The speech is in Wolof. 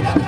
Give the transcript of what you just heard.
Thank you.